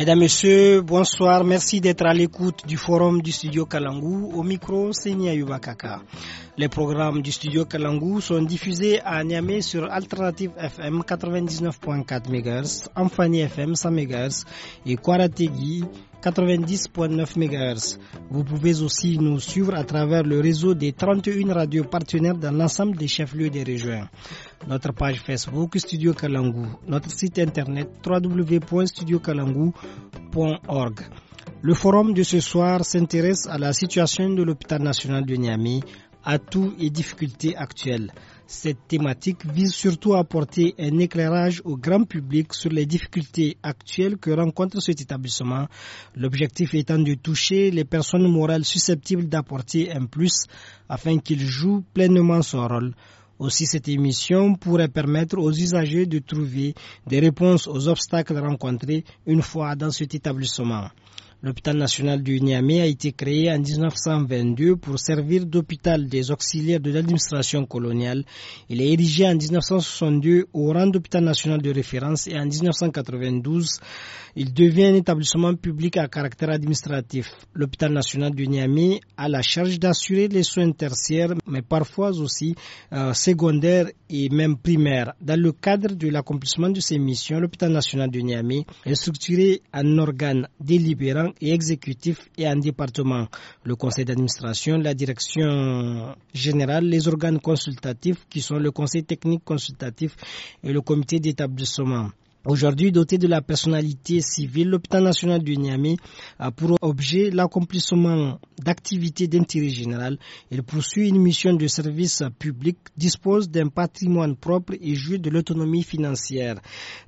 Mesdames, Messieurs, bonsoir. Merci d'être à l'écoute du forum du studio Kalangou. Au micro, c'est Yubakaka. Les programmes du studio Kalangou sont diffusés à Niamey sur Alternative FM 99.4 MHz, Amphani FM 100 MHz et Kwarategi 90.9 MHz. Vous pouvez aussi nous suivre à travers le réseau des 31 radios partenaires dans l'ensemble des chefs-lieux des régions. Notre page Facebook Studio Kalangu, notre site internet www.studiokalangu.org. Le forum de ce soir s'intéresse à la situation de l'hôpital national de Niamey, atouts et difficultés actuelles. Cette thématique vise surtout à apporter un éclairage au grand public sur les difficultés actuelles que rencontre cet établissement, l'objectif étant de toucher les personnes morales susceptibles d'apporter un plus afin qu'ils jouent pleinement son rôle. Aussi, cette émission pourrait permettre aux usagers de trouver des réponses aux obstacles rencontrés une fois dans cet établissement. L'hôpital national du Niamey a été créé en 1922 pour servir d'hôpital des auxiliaires de l'administration coloniale. Il est érigé en 1962 au rang d'hôpital national de référence et en 1992, il devient un établissement public à caractère administratif. L'hôpital national du Niamey a la charge d'assurer les soins tertiaires, mais parfois aussi euh, secondaires et même primaires. Dans le cadre de l'accomplissement de ses missions, l'hôpital national du Niamey est structuré en organes délibérants et exécutif et un département. Le conseil d'administration, la direction générale, les organes consultatifs qui sont le conseil technique consultatif et le comité d'établissement. Aujourd'hui doté de la personnalité civile, l'hôpital national du Niamey a pour objet l'accomplissement d'activités d'intérêt général. Il poursuit une mission de service public, dispose d'un patrimoine propre et joue de l'autonomie financière.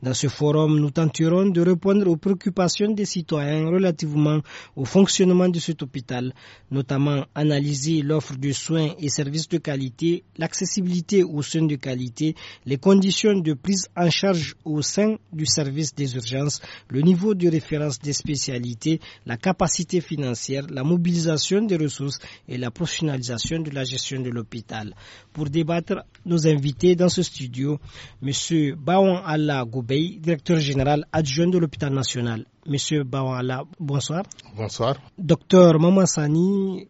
Dans ce forum, nous tenterons de répondre aux préoccupations des citoyens relativement au fonctionnement de cet hôpital, notamment analyser l'offre de soins et services de qualité, l'accessibilité aux soins de qualité, les conditions de prise en charge au sein du service des urgences, le niveau de référence des spécialités, la capacité financière, la mobilisation des ressources et la professionnalisation de la gestion de l'hôpital. Pour débattre, nos invités dans ce studio, M. Baouan Allah Goubey, directeur général adjoint de l'hôpital national. Monsieur Allah bonsoir. Bonsoir. Docteur Mamassani,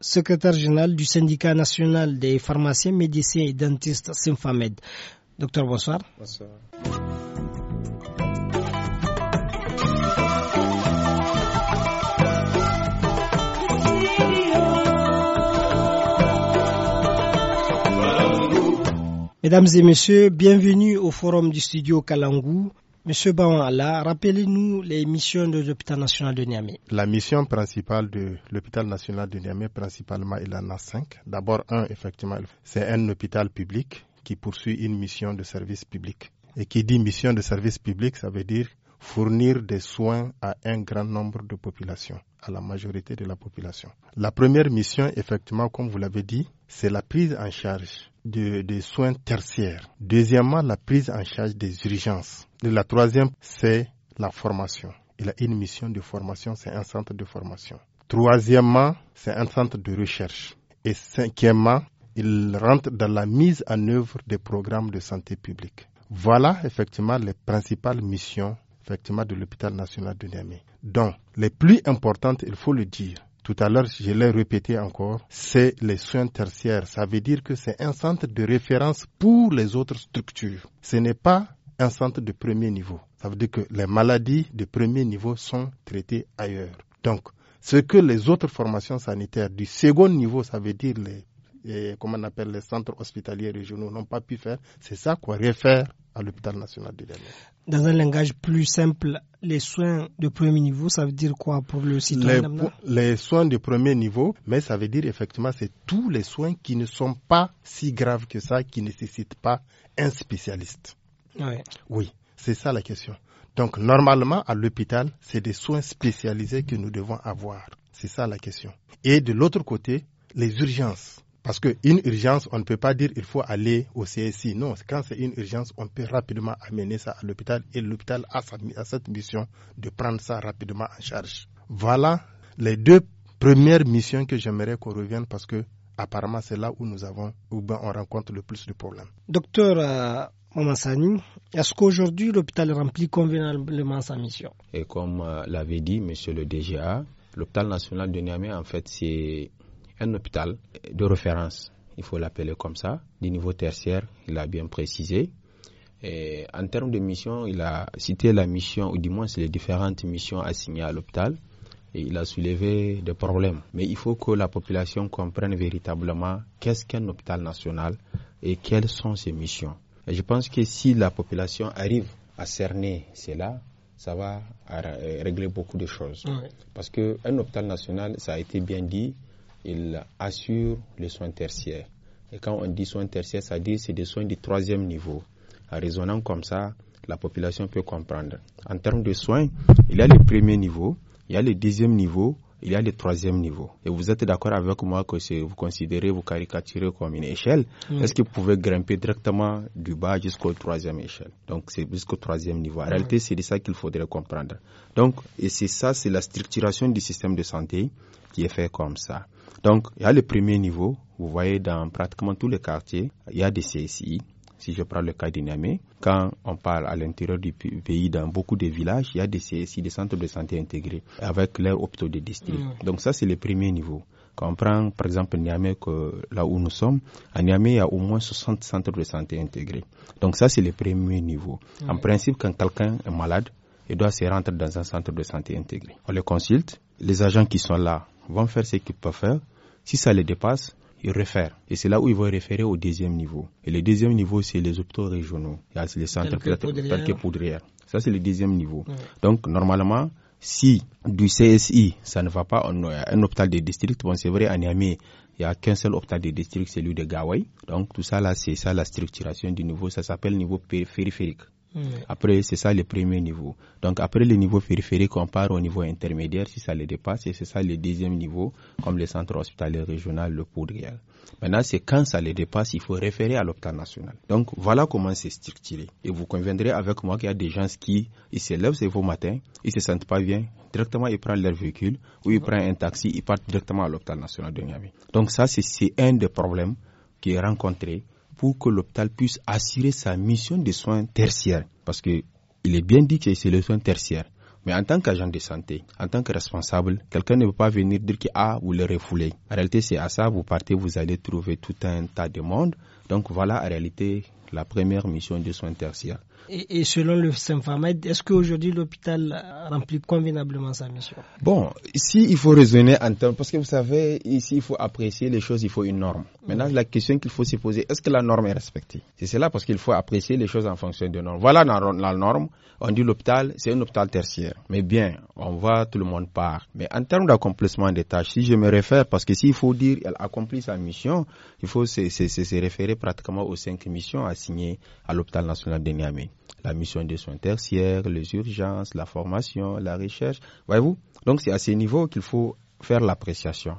secrétaire général du syndicat national des pharmaciens, médecins et dentistes SYMFAMED. Docteur, bonsoir. Bonsoir. Mesdames et messieurs, bienvenue au forum du studio Kalangou. Monsieur Bawanala, rappelez-nous les missions de l'hôpital national de Niamey. La mission principale de l'hôpital national de Niamey, principalement, il en a cinq. D'abord, un, effectivement, c'est un hôpital public qui poursuit une mission de service public. Et qui dit mission de service public, ça veut dire fournir des soins à un grand nombre de populations à la majorité de la population. La première mission, effectivement, comme vous l'avez dit, c'est la prise en charge de, des soins tertiaires. Deuxièmement, la prise en charge des urgences. Et la troisième, c'est la formation. Il a une mission de formation, c'est un centre de formation. Troisièmement, c'est un centre de recherche. Et cinquièmement, il rentre dans la mise en œuvre des programmes de santé publique. Voilà effectivement les principales missions effectivement de l'hôpital national de Niamey. Donc, les plus importantes, il faut le dire, tout à l'heure, je l'ai répété encore, c'est les soins tertiaires. Ça veut dire que c'est un centre de référence pour les autres structures. Ce n'est pas un centre de premier niveau. Ça veut dire que les maladies de premier niveau sont traitées ailleurs. Donc, ce que les autres formations sanitaires du second niveau, ça veut dire les, comment on appelle les centres hospitaliers régionaux n'ont pas pu faire, c'est ça qu'on réfère à l'hôpital national de Niamey dans un langage plus simple, les soins de premier niveau, ça veut dire quoi pour le citoyen les, soins de premier niveau, mais ça veut dire effectivement, c'est tous les soins qui ne sont pas si graves que ça, qui ne nécessitent pas un spécialiste. Oui, c'est ça la question. Donc normalement, à l'hôpital, c'est des soins spécialisés que nous devons avoir. C'est ça la question. Et de l'autre côté, les urgences. Parce qu'une urgence, on ne peut pas dire il faut aller au CSI. Non, quand c'est une urgence, on peut rapidement amener ça à l'hôpital et l'hôpital a, cette mission de prendre ça rapidement en charge. Voilà les deux premières missions que j'aimerais qu'on revienne parce que apparemment c'est là où nous avons, où ben, on rencontre le plus de problèmes. Docteur euh, est-ce qu'aujourd'hui l'hôpital remplit convenablement sa mission Et comme euh, l'avait dit Monsieur le DGA, l'hôpital national de Niamey en fait c'est un hôpital de référence, il faut l'appeler comme ça, du niveau tertiaire, il a bien précisé. Et en termes de mission, il a cité la mission, ou du moins les différentes missions assignées à l'hôpital, et il a soulevé des problèmes. Mais il faut que la population comprenne véritablement qu'est-ce qu'un hôpital national et quelles sont ses missions. Et je pense que si la population arrive à cerner cela, ça va régler beaucoup de choses. Parce qu'un hôpital national, ça a été bien dit, il assure les soins tertiaires. Et quand on dit soins tertiaires, ça dit c'est des soins du troisième niveau. En raisonnant comme ça, la population peut comprendre. En termes de soins, il y a le premier niveau, il y a le deuxième niveau, il y a le troisième niveau. Et vous êtes d'accord avec moi que vous considérez, vous caricaturez comme une échelle. Est-ce que vous pouvez grimper directement du bas jusqu'au troisième échelle Donc, c'est jusqu'au troisième niveau. En réalité, c'est de ça qu'il faudrait comprendre. Donc, et c'est ça, c'est la structuration du système de santé qui est fait comme ça. Donc, il y a le premier niveau. Vous voyez, dans pratiquement tous les quartiers, il y a des CSI. Si je prends le cas Niamey. quand on parle à l'intérieur du pays, dans beaucoup de villages, il y a des CSI, des centres de santé intégrés, avec leurs hôpitaux de district. Donc ça, c'est le premier niveau. Quand on prend, par exemple, Niamey, là où nous sommes, à Niamey, il y a au moins 60 centres de santé intégrés. Donc ça, c'est le premier niveau. En principe, quand quelqu'un est malade, il doit se rendre dans un centre de santé intégré. On le consulte. Les agents qui sont là, vont faire ce qu'ils peuvent faire. Si ça les dépasse, ils réfèrent. Et c'est là où ils vont référer au deuxième niveau. Et le deuxième niveau, c'est les hôpitaux régionaux. Il y a les centres de poudrière. Ça, c'est le deuxième niveau. Donc, normalement, si du CSI, ça ne va pas, on a un hôpital de district, bon, c'est vrai, à Niamey, il n'y a qu'un seul hôpital de district, celui de Gawai. Donc, tout ça, là, c'est ça, la structuration du niveau, ça s'appelle niveau périphérique. Après, c'est ça le premier niveau. Donc après le niveau périphérique, on part au niveau intermédiaire si ça les dépasse, et c'est ça le deuxième niveau, comme le centre hospitalier régional, le réel. Maintenant, c'est quand ça les dépasse, il faut référer à l'hôpital national. Donc voilà comment c'est structuré. Et vous conviendrez avec moi qu'il y a des gens qui ils se lèvent ce matin, ils se sentent pas bien, directement ils prennent leur véhicule ou ils prennent un taxi, ils partent directement à l'hôpital national de Niamey. Donc ça, c'est un des problèmes qui est rencontré pour que l'hôpital puisse assurer sa mission de soins tertiaires. Parce qu'il est bien dit que c'est le soin tertiaire. Mais en tant qu'agent de santé, en tant que responsable, quelqu'un ne peut pas venir dire que a ah, vous le refouler. En réalité, c'est à ça, vous partez, vous allez trouver tout un tas de monde. Donc voilà, en réalité, la première mission de soins tertiaires. Et, et selon le Symphamed, est-ce qu'aujourd'hui l'hôpital remplit convenablement sa mission Bon, ici il faut raisonner en termes, parce que vous savez, ici il faut apprécier les choses, il faut une norme. Mm. Maintenant, la question qu'il faut se poser, est-ce que la norme est respectée C'est cela parce qu'il faut apprécier les choses en fonction de normes. Voilà la, norme, on dit l'hôpital, c'est un hôpital tertiaire. Mais bien, on voit tout le monde part. Mais en termes d'accomplissement des tâches, si je me réfère, parce que s'il faut dire, elle accomplit sa mission, il faut se, se, se, se référer pratiquement aux cinq missions assignées à l'hôpital national de Niamey la mission de soins tertiaires, les urgences, la formation, la recherche. Voyez-vous Donc, c'est à ces niveaux qu'il faut faire l'appréciation.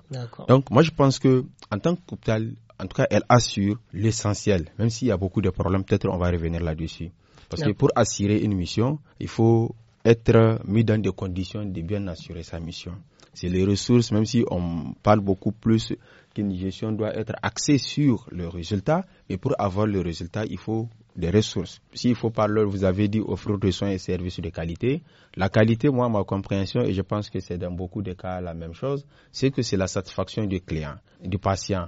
Donc, moi, je pense que en tant qu'hôpital, en tout cas, elle assure l'essentiel, même s'il y a beaucoup de problèmes. Peut-être on va revenir là-dessus. Parce que pour assurer une mission, il faut être mis dans des conditions de bien assurer sa mission. C'est les ressources, même si on parle beaucoup plus qu'une gestion doit être axée sur le résultat, mais pour avoir le résultat, il faut des ressources. S'il faut parler, vous avez dit offrir des soins et services de qualité. La qualité, moi, ma compréhension, et je pense que c'est dans beaucoup de cas la même chose, c'est que c'est la satisfaction du client, du patient.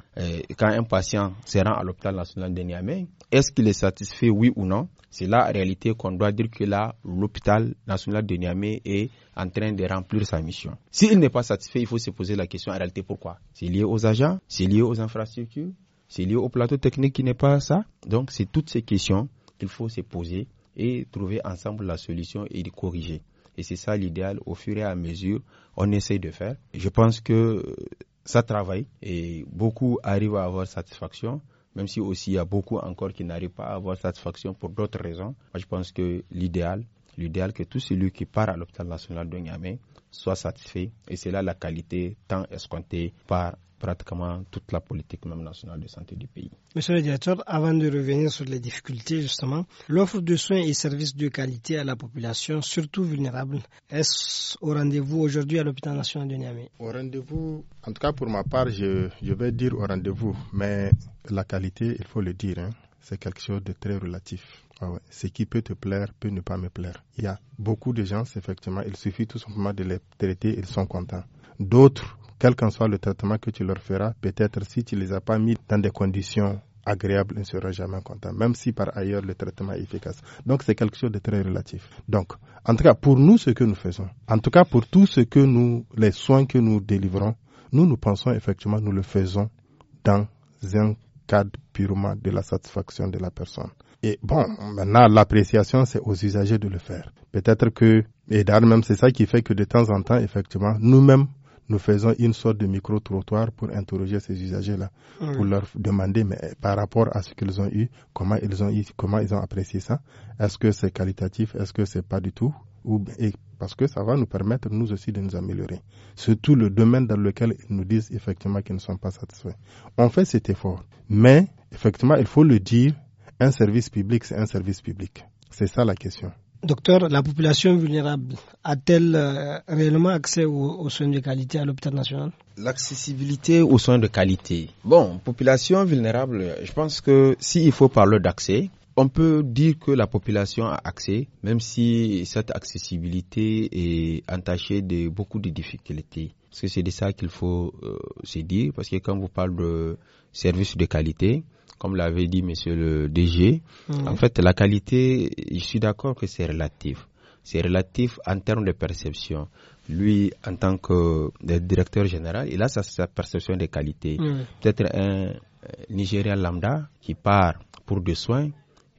quand un patient se rend à l'hôpital national de Niamey, est-ce qu'il est satisfait, oui ou non C'est la réalité, qu'on doit dire que là, l'hôpital national de Niamey est en train de remplir sa mission. S'il n'est pas satisfait, il faut se poser la question en réalité pourquoi C'est lié aux agents, c'est lié aux infrastructures, c'est lié au plateau technique qui n'est pas ça. Donc, c'est toutes ces questions qu'il faut se poser et trouver ensemble la solution et les corriger. Et c'est ça l'idéal. Au fur et à mesure, on essaye de faire. Je pense que euh, ça travaille et beaucoup arrivent à avoir satisfaction, même si aussi il y a beaucoup encore qui n'arrivent pas à avoir satisfaction pour d'autres raisons. Moi, je pense que l'idéal, l'idéal que tout celui qui part à l'hôpital national de Niamey soit satisfait et c'est là la qualité tant escomptée par pratiquement toute la politique même nationale de santé du pays. Monsieur le directeur, avant de revenir sur les difficultés justement, l'offre de soins et services de qualité à la population, surtout vulnérable, est-ce au rendez-vous aujourd'hui à l'hôpital national de Niamey Au rendez-vous, en tout cas pour ma part, je, vais dire au rendez-vous, mais la qualité, il faut le dire, hein, c'est quelque chose de très relatif. Ah ouais. Ce qui peut te plaire peut ne pas me plaire. Il y a beaucoup de gens, effectivement, il suffit tout simplement de les traiter, ils sont contents. D'autres, quel qu'en soit le traitement que tu leur feras, peut-être si tu les as pas mis dans des conditions agréables, ils ne seront jamais contents, même si par ailleurs le traitement est efficace. Donc c'est quelque chose de très relatif. Donc, en tout cas, pour nous, ce que nous faisons, en tout cas pour tout ce que nous, les soins que nous délivrons, nous, nous pensons effectivement, nous le faisons dans un cadre purement de la satisfaction de la personne. Et bon, maintenant, l'appréciation, c'est aux usagers de le faire. Peut-être que, et d'ailleurs même, c'est ça qui fait que de temps en temps, effectivement, nous-mêmes, nous faisons une sorte de micro-trottoir pour interroger ces usagers-là, pour leur demander mais, par rapport à ce qu'ils ont eu, comment ils ont eu, comment ils ont apprécié ça. Est-ce que c'est qualitatif? Est-ce que c'est pas du tout? Ou, parce que ça va nous permettre, nous aussi, de nous améliorer. Surtout le domaine dans lequel ils nous disent effectivement qu'ils ne sont pas satisfaits. On fait cet effort. Mais, effectivement, il faut le dire, un service public, c'est un service public. C'est ça la question. Docteur, la population vulnérable a-t-elle euh, réellement accès aux, soins de qualité à l'hôpital national L'accessibilité aux soins de qualité. Bon, population vulnérable, je pense que s'il faut parler d'accès, on peut dire que la population a accès, même si cette accessibilité est entachée de beaucoup de difficultés. Parce que c'est de ça qu'il faut euh, se dire, parce que quand vous parlez de services de qualité, comme l'avait dit Monsieur le DG. En fait, la qualité, je suis d'accord que c'est relatif. C'est relatif en termes de perception. Lui, en tant que euh, directeur général, il a sa, perception des qualités. Peut-être un euh, Nigérian lambda qui part pour des soins,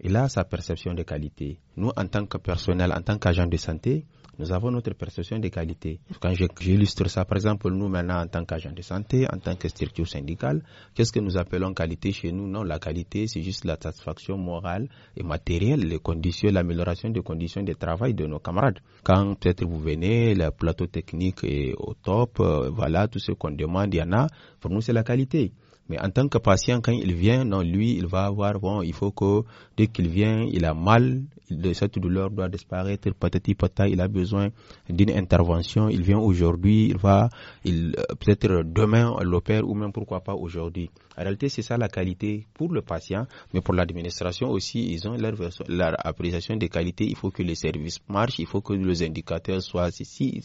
il a sa perception des qualités. Nous, en tant que personnel, en tant qu'agent de santé, nous avons notre perception des qualités. Quand j'illustre ça, par exemple, nous maintenant en tant qu'agent de santé, en tant que structure syndicale, qu'est-ce que nous appelons qualité chez nous Non, la qualité, c'est juste la satisfaction morale et matérielle, les conditions, l'amélioration des conditions de travail de nos camarades. Quand peut-être vous venez, le plateau technique est au top, euh, voilà, tout ce qu'on demande, il y en a. Pour nous, c'est la qualité. Mais en tant que patient, quand il vient, non, lui, il va avoir, bon, il faut que Dès qu'il vient, il a mal, cette douleur doit disparaître, patati patata, il a besoin d'une intervention, il vient aujourd'hui, il va, il, euh, peut-être demain, on l'opère, ou même pourquoi pas aujourd'hui. En réalité, c'est ça la qualité pour le patient, mais pour l'administration aussi, ils ont leur, leur appréciation des qualités, il faut que les services marchent, il faut que les indicateurs soient ici.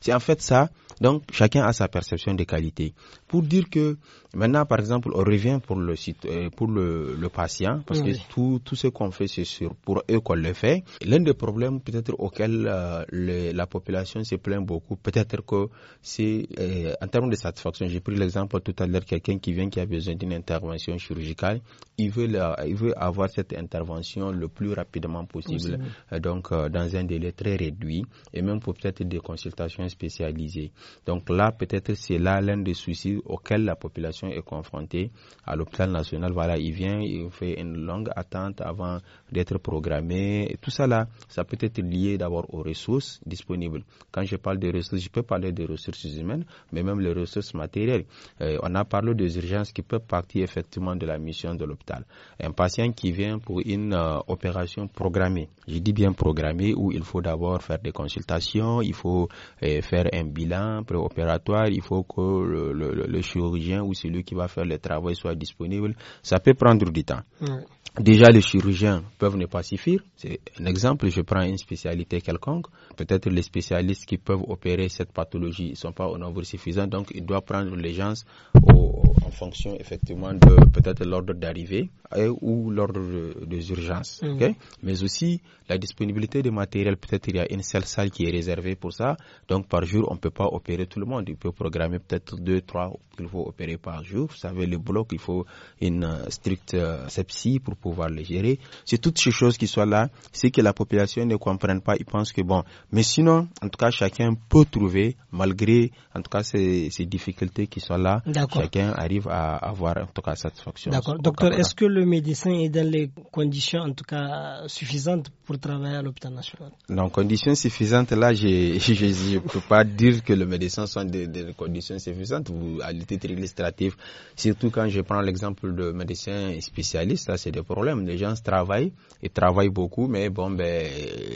C'est en fait ça, donc chacun a sa perception des qualités. Pour dire que, maintenant, par exemple, on revient pour le, euh, pour le, patient, parce que tout tout ce qu'on fait, c'est sûr pour eux qu'on le fait. L'un des problèmes peut-être auxquels euh, la population se plaint beaucoup, peut-être que c'est euh, en termes de satisfaction. J'ai pris l'exemple tout à l'heure, quelqu'un qui vient qui a besoin d'une intervention chirurgicale, il veut, il avoir cette intervention le plus rapidement possible, euh, donc dans un délai très réduit, et même pour peut-être des consultations spécialisées. Donc là, peut-être c'est là l'un des soucis auxquels la population est confrontée à l'hôpital national. Voilà, il vient, il fait une longue attente avant d'être programmé. Et tout ça là, ça peut être lié d'abord aux ressources disponibles. Quand je parle de ressources, je peux parler des ressources humaines, mais même les ressources matérielles. Euh, on a parlé des urgences qui peuvent partir effectivement de la mission de l'hôpital. Un patient qui vient pour une euh, opération programmée, je dis bien programmée, où il faut d'abord faire des consultations, il faut euh, faire un bilan préopératoire, il faut que le, chirurgien ou celui qui va faire le travail soit disponible. Ça peut prendre du temps. Déjà, les chirurgiens peuvent ne pas suffire. C'est un exemple. Je prends une spécialité quelconque. Peut-être les spécialistes qui peuvent opérer cette pathologie ne sont pas au nombre suffisant. Donc, il doit prendre les gens en fonction, effectivement, de peut-être l'ordre d'arrivée ou l'ordre des urgences. Mmh. Mais aussi, la disponibilité des matériels. Peut-être il y a une seule salle qui est réservée pour ça. Donc, par jour, on ne peut pas opérer tout le monde. Il peut programmer peut-être deux, trois qu'il faut opérer par jour. Vous savez, le bloc, il faut une euh, stricte euh, sepsie pour pouvoir le gérer. C'est toutes ces choses qui sont là, c'est que la population ne comprenne pas, ils pensent que bon. Mais sinon, en tout cas, chacun peut trouver, malgré en tout cas ces, difficultés qui sont là, chacun arrive à avoir en tout cas satisfaction. D'accord. Docteur, est-ce que le médecin est dans les conditions en tout cas suffisantes pour travailler à l'hôpital national Non, conditions suffisantes, là, je ne peux pas dire que le médecin soit dans des, conditions suffisantes. à titre illustratif, surtout quand je prends l'exemple de médecins spécialistes, ça c'est des problème. Les gens travaillent et travaillent beaucoup, mais bon, ben,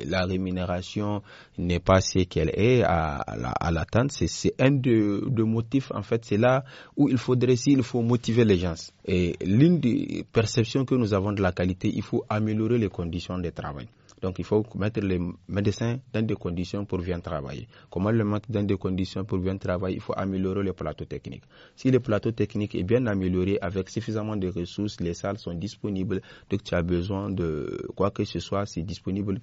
la rémunération n'est pas ce qu'elle est à, l'attente. c'est un de, de motifs, en fait, c'est là où il faudrait, il faut motiver les gens. Et l'une des perceptions que nous avons de la qualité, il faut améliorer les conditions de travail. Donc il faut mettre les médecins dans des conditions pour bien travailler. Comment le mettre dans des conditions pour bien travailler Il faut améliorer le plateau technique. Si le plateau technique est bien amélioré avec suffisamment de ressources, les salles sont disponibles. donc tu as besoin de quoi que ce soit, c'est disponible.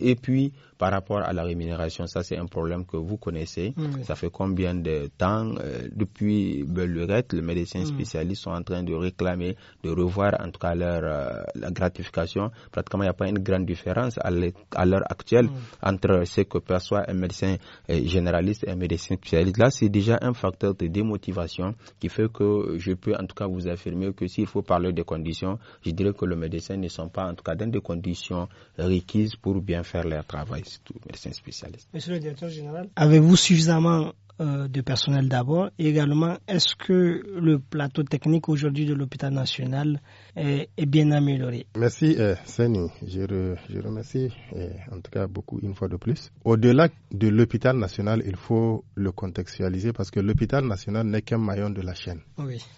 et puis, par rapport à la rémunération, ça c'est un problème que vous connaissez. Ça fait combien de temps euh, depuis Bellurette, les médecins mm. spécialistes sont en train de réclamer, de revoir en tout cas leur euh, la gratification. Pratiquement, il n'y a pas une grande différence à l'heure actuelle mm. entre ce que perçoit un médecin généraliste et un médecin spécialiste. Là, c'est déjà un facteur de démotivation qui fait que je peux en tout cas vous affirmer que s'il faut parler des conditions, je dirais que les médecins ne sont pas en tout cas dans des conditions requises pour bien faire leur travail, surtout médecins spécialistes. Monsieur le directeur général, avez-vous suffisamment euh, de personnel d'abord. Également, est-ce que le plateau technique aujourd'hui de l'hôpital national est, bien amélioré Merci, eh, Je, remercie, euh, en tout cas, beaucoup une fois de plus. Au-delà de l'hôpital national, il faut le contextualiser parce que l'hôpital national n'est qu'un maillon de la chaîne.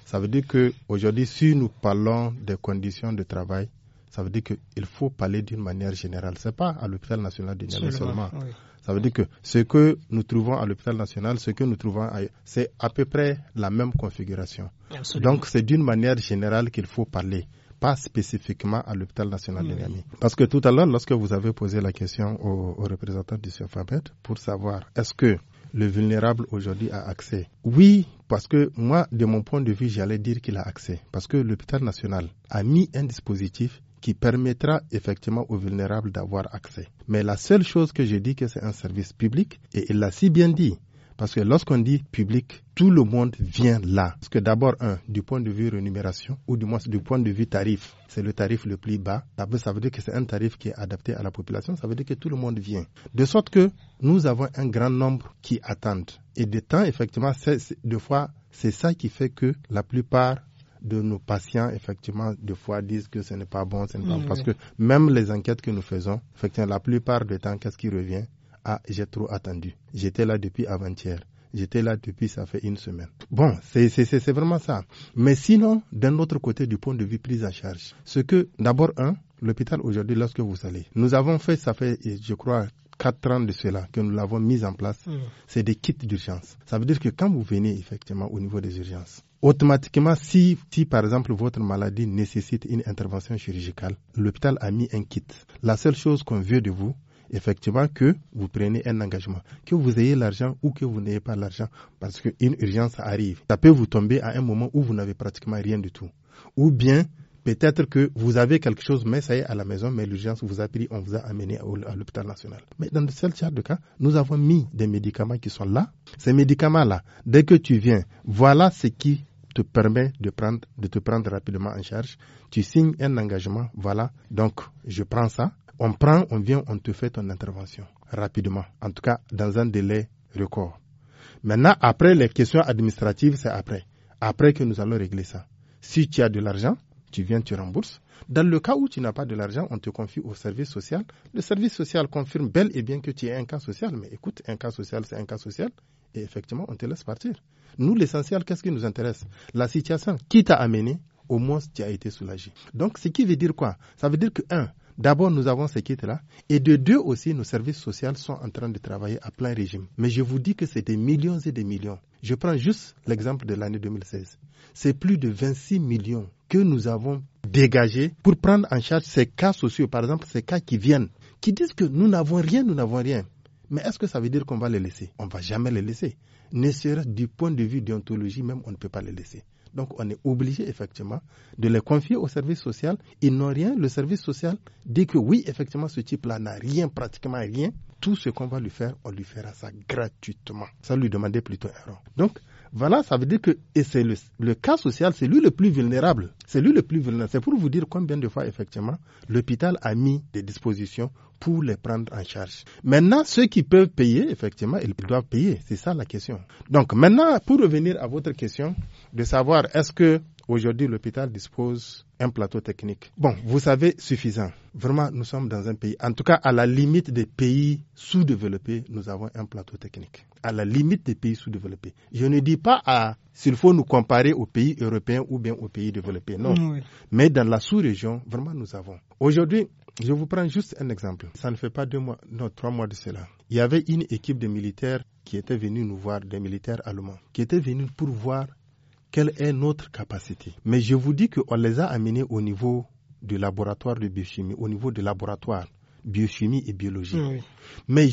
Ça veut dire qu'aujourd'hui, si nous parlons des conditions de travail, ça veut dire qu'il faut parler d'une manière générale. Ce n'est pas à l'hôpital national de Niamey seulement. Oui. Ça veut dire que ce que nous trouvons à l'hôpital national, ce que nous trouvons c'est à peu près la même configuration. Donc c'est d'une manière générale qu'il faut parler pas spécifiquement à l'hôpital national de Parce que tout à l'heure, lorsque vous avez posé la question aux au représentants du CFABET pour savoir est-ce que le vulnérable aujourd'hui a accès, oui, parce que moi, de mon point de vue, j'allais dire qu'il a accès. Parce que l'hôpital national a mis un dispositif qui permettra effectivement aux vulnérables d'avoir accès. Mais la seule chose que j'ai dit que c'est un service public, et il l'a si bien dit, parce que lorsqu'on dit public, tout le monde vient là. Parce que d'abord, un, du point de vue rémunération, ou du moins du point de vue tarif, c'est le tarif le plus bas. D'abord ça veut dire que c'est un tarif qui est adapté à la population, ça veut dire que tout le monde vient. De sorte que nous avons un grand nombre qui attendent. Et de temps, effectivement, c'est, deux fois, c'est ça qui fait que la plupart de nos patients, effectivement, des fois disent que ce n'est pas bon, ce pas mm. Parce que même les enquêtes que nous faisons, effectivement, la plupart du temps, qu'est-ce qui revient Ah, j'ai trop attendu. J'étais là depuis avant-hier. J'étais là depuis, ça fait une semaine. Bon, c'est vraiment ça. Mais sinon, d'un autre côté, du point de vue prise en charge, ce que, d'abord, un, l'hôpital aujourd'hui, lorsque vous allez, nous avons fait, ça fait, je crois, quatre ans de cela que nous l'avons mis en place, mm. c'est des kits d'urgence. Ça veut dire que quand vous venez effectivement au niveau des urgences, automatiquement, si, par exemple votre maladie nécessite une intervention chirurgicale, l'hôpital a mis un kit. La seule chose qu'on veut de vous, effectivement, que vous preniez un engagement, que vous ayez l'argent ou que vous n'ayez pas l'argent, parce qu'une urgence arrive. Ça peut vous tomber à un moment où vous n'avez pratiquement rien du tout. Ou bien, peut-être que vous avez quelque chose, mais ça y est à la maison, mais l'urgence vous a pris, on vous a amené à l'hôpital national. Mais dans le seul cas de cas, nous avons mis des médicaments qui sont là. Ces médicaments-là, dès que tu viens, voilà ce qui te permet de, prendre, de te prendre rapidement en charge. Tu signes un engagement, voilà, donc je prends ça. On prend, on vient, on te fait ton intervention rapidement, en tout cas dans un délai record. Maintenant, après les questions administratives, c'est après. Après que nous allons régler ça. Si tu as de l'argent, tu viens, tu rembourses. Dans le cas où tu n'as pas de l'argent, on te confie au service social. Le service social confirme bel et bien que tu es un cas social, mais écoute, un cas social, c'est un cas social effectivement, on te laisse partir. Nous, l'essentiel, qu'est-ce qui nous intéresse La situation. Qui t'a amené Au moins, tu as été soulagé. Donc, ce qui veut dire quoi Ça veut dire que, un, D'abord, nous avons ces kits-là. Et de deux aussi, nos services sociaux sont en train de travailler à plein régime. Mais je vous dis que c'est des millions et des millions. Je prends juste l'exemple de l'année 2016. C'est plus de 26 millions que nous avons dégagés pour prendre en charge ces cas sociaux, par exemple, ces cas qui viennent, qui disent que nous n'avons rien, nous n'avons rien. Mais est-ce que ça veut dire qu'on va les laisser On ne va jamais les laisser. Ne serait du point de vue d'ontologie même, on ne peut pas les laisser. Donc on est obligé effectivement de les confier au service social. Ils n'ont rien. Le service social dit que oui, effectivement, ce type-là n'a rien, pratiquement rien. Tout ce qu'on va lui faire, on lui fera ça gratuitement. Ça lui demandait plutôt un rang. Donc voilà, ça veut dire que et c'est le, cas social, c'est lui le plus vulnérable. C'est lui le plus vulnérable. C'est pour vous dire combien de fois, effectivement, l'hôpital a mis des dispositions pour les prendre en charge. Maintenant, ceux qui peuvent payer, effectivement, ils doivent payer. C'est ça la question. Donc maintenant, pour revenir à votre question de savoir est-ce que aujourd'hui l'hôpital dispose un plateau technique. Bon, vous savez, suffisant. Vraiment, nous sommes dans un pays, en tout cas à la limite des pays sous-développés, nous avons un plateau technique. À la limite des pays sous-développés. Je ne dis pas à s'il faut nous comparer aux pays européens ou bien aux pays développés, non. Mais dans la sous-région, vraiment, nous avons. Aujourd'hui, je vous prends juste un exemple. Ça ne fait pas deux mois, non, trois mois de cela. Il y avait une équipe de militaires qui était venue nous voir, des militaires allemands, qui étaient venus pour voir quelle est notre capacité. Mais je vous dis qu'on les a amenés au niveau du laboratoire de biochimie, au niveau du laboratoire biochimie et biologie. Mais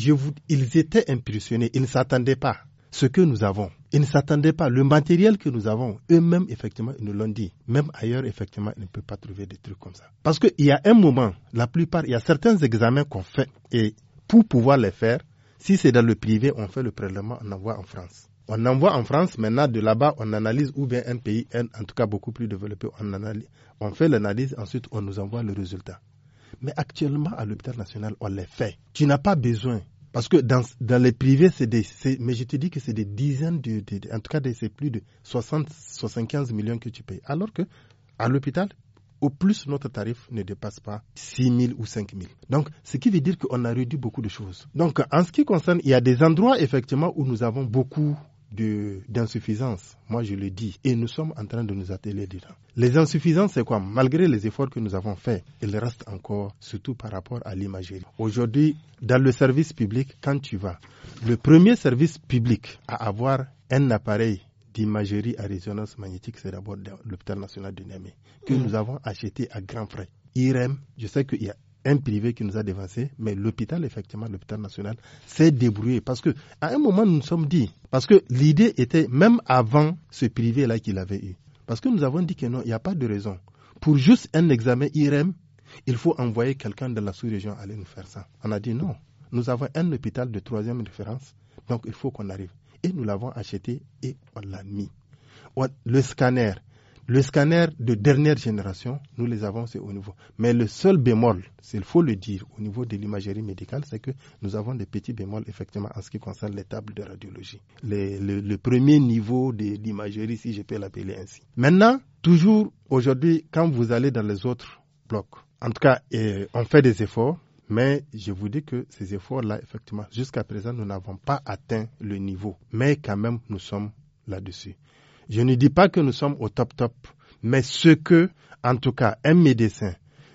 ils étaient impressionnés, ils ne s'attendaient pas ce que nous avons. Ils ne s'attendaient pas. Le matériel que nous avons, eux-mêmes, effectivement, ils nous l'ont dit. Même ailleurs, effectivement, ils ne peuvent pas trouver des trucs comme ça. Parce qu'il y a un moment, la plupart, il y a certains examens qu'on fait. Et pour pouvoir les faire, si c'est dans le privé, on fait le prélèvement, en envoie en France. On envoie en France, maintenant de là-bas, on analyse ou bien un pays, en tout cas beaucoup plus développé, on, analyse, on fait l'analyse, ensuite on nous envoie le résultat. Mais actuellement, à l'hôpital national, on les fait. Tu n'as pas besoin. Parce que dans, les privés, c'est des. mais je te dis que c'est des dizaines, de, en tout cas, c'est plus de 60, 75 millions que tu payes. Alors que à l'hôpital, au plus, notre tarif ne dépasse pas 6 000 ou 5 000. Donc, ce qui veut dire qu'on a réduit beaucoup de choses. Donc, en ce qui concerne, il y a des endroits, effectivement, où nous avons beaucoup d'insuffisance. Moi, je le dis. Et nous sommes en train de nous atteler dedans. Les insuffisances, c'est quoi Malgré les efforts que nous avons faits, il reste encore, surtout par rapport à l'imagerie. Aujourd'hui, dans le service public, quand tu vas, le premier service public à avoir un appareil d'imagerie à résonance magnétique, c'est d'abord l'hôpital national de Niamey, que mm. nous avons acheté à grands frais. IREM, je sais qu'il y a un privé qui nous a dévancé, mais l'hôpital, effectivement, l'hôpital national, s'est débrouillé. Parce que, à un moment, nous nous sommes dit, parce que l'idée était, même avant ce privé-là qu'il avait eu, parce que nous avons dit que non, il n'y a pas de raison. Pour juste un examen IRM, il faut envoyer quelqu'un de la sous-région aller nous faire ça. On a dit non, nous avons un hôpital de troisième référence, donc il faut qu'on arrive. Et nous l'avons acheté et on l'a mis. Le scanner, le scanner de dernière génération, nous les avons, c'est au niveau. Mais le seul bémol, il faut le dire, au niveau de l'imagerie médicale, c'est que nous avons des petits bémols, effectivement, en ce qui concerne les tables de radiologie. le, premier niveau de l'imagerie, si je peux l'appeler ainsi. Maintenant, toujours aujourd'hui, quand vous allez dans les autres blocs, en tout cas, on fait des efforts, mais je vous dis que ces efforts-là, effectivement, jusqu'à présent, nous n'avons pas atteint le niveau. Mais quand même, nous sommes là-dessus. Je ne dis pas que nous sommes au top top, mais ce que, en tout cas, un médecin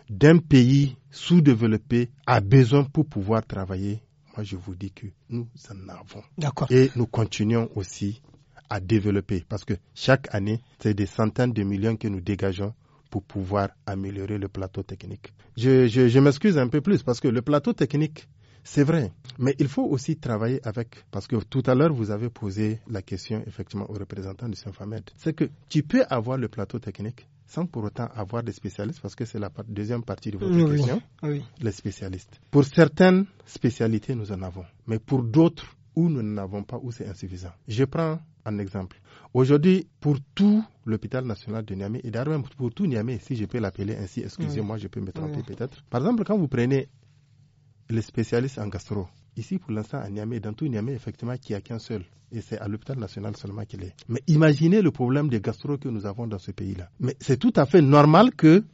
d'un pays sous-développé a besoin pour pouvoir travailler, moi je vous dis que nous en avons. D'accord. Et nous continuons aussi à développer parce que chaque année, c'est des centaines de millions que nous dégageons pour pouvoir améliorer le plateau technique. Je, je m'excuse un peu plus parce que le plateau technique, c'est vrai, mais il faut aussi travailler avec, parce que tout à l'heure, vous avez posé la question effectivement aux représentants du Saint-Famed. C'est que tu peux avoir le plateau technique sans pour autant avoir des spécialistes, parce que c'est la deuxième partie de votre question, les spécialistes. Pour certaines spécialités, nous en avons, mais pour d'autres, où nous n'en avons pas, où c'est insuffisant. Je prends un exemple. Aujourd'hui, pour tout l'hôpital national de Niamey, et d'ailleurs même pour tout Niamey, si je peux l'appeler ainsi, excusez-moi, je peux me tromper peut-être. Par exemple, quand vous prenez les spécialistes en gastro. Ici, pour l'instant, à Niamey, dans tout Niamey, effectivement, il n'y a qu'un seul. Et c'est à l'hôpital national seulement qu'il est. Mais imaginez le problème de gastro que nous avons dans ce pays-là. Mais c'est tout à fait normal que,